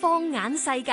放眼世界，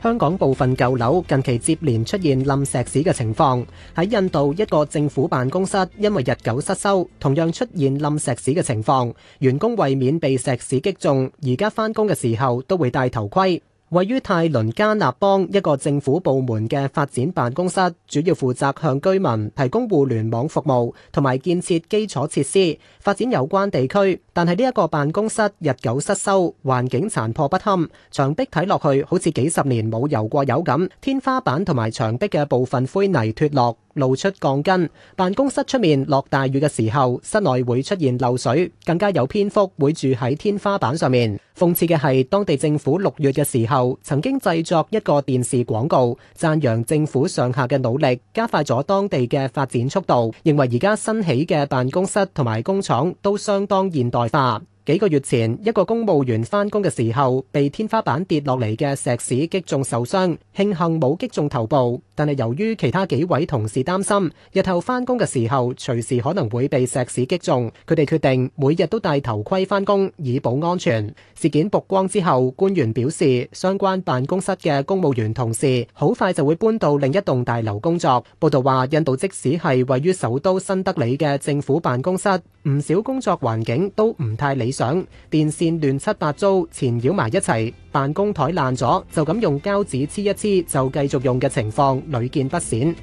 香港部分舊樓近期接連出現冧石屎嘅情況。喺印度一個政府辦公室，因為日久失修，同樣出現冧石屎嘅情況。員工為免被石屎擊中，而家返工嘅時候都會戴頭盔。位於泰倫加納邦一個政府部門嘅發展辦公室，主要負責向居民提供互聯網服務同埋建設基礎設施，發展有關地區。但係呢一個辦公室日久失修，環境殘破不堪，牆壁睇落去好似幾十年冇油過油咁，天花板同埋牆壁嘅部分灰泥脫落。露出鋼筋，辦公室出面落大雨嘅時候，室內會出現漏水，更加有蝙蝠會住喺天花板上面。諷刺嘅係，當地政府六月嘅時候曾經製作一個電視廣告，讚揚政府上下嘅努力，加快咗當地嘅發展速度，認為而家新起嘅辦公室同埋工廠都相當現代化。幾個月前，一個公務員翻工嘅時候，被天花板跌落嚟嘅石屎擊中受傷，慶幸冇擊中頭部。但係由於其他幾位同事擔心日後翻工嘅時候隨時可能會被石屎擊中，佢哋決定每日都戴頭盔翻工以保安全。事件曝光之後，官員表示，相關辦公室嘅公務員同事好快就會搬到另一棟大樓工作。報道話，印度即使係位於首都新德里嘅政府辦公室，唔少工作環境都唔太理想。想電線亂七八糟纏繞埋一齊，辦公枱爛咗就咁用膠紙黐一黐就繼續用嘅情況屢見不鮮。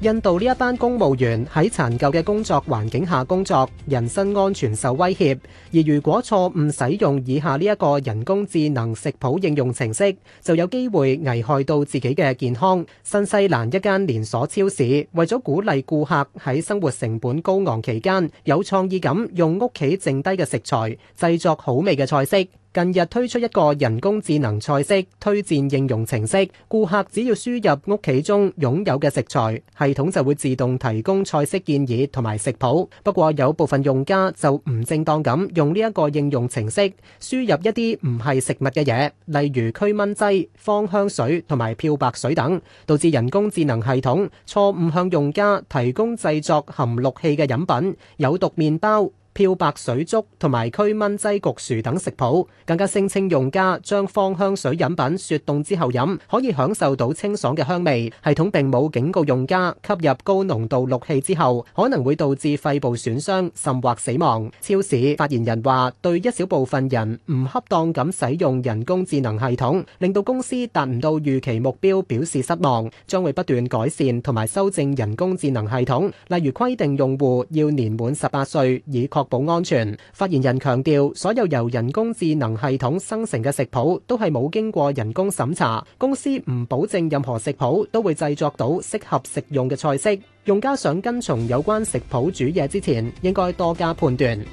印度呢一班公務員喺殘舊嘅工作環境下工作，人身安全受威脅。而如果錯誤使用以下呢一個人工智能食譜應用程式，就有機會危害到自己嘅健康。新西蘭一間連鎖超市為咗鼓勵顧客喺生活成本高昂期間有創意噉，用屋企剩低嘅食材製作好味嘅菜式。近日推出一個人工智能菜式推薦應用程式，顧客只要輸入屋企中擁有嘅食材，系統就會自動提供菜式建議同埋食譜。不過有部分用家就唔正當咁用呢一個應用程式，輸入一啲唔係食物嘅嘢，例如驅蚊劑、芳香水同埋漂白水等，導致人工智能系統錯誤向用家提供製作含氯氣嘅飲品、有毒麵包。漂白水、粥同埋驅蚊劑焗薯等食譜，更加聲稱用家將芳香水飲品雪凍之後飲，可以享受到清爽嘅香味。系統並冇警告用家吸入高濃度氯氣之後可能會導致肺部損傷甚或死亡。超市發言人話：對一小部分人唔恰當咁使用人工智能系統，令到公司達唔到預期目標，表示失望，將會不斷改善同埋修正人工智能系統，例如規定用戶要年滿十八歲，以確。保安全。發言人強調，所有由人工智能系統生成嘅食譜都係冇經過人工審查，公司唔保證任何食譜都會製作到適合食用嘅菜式。用家想跟從有關食譜煮嘢之前，應該多加判斷。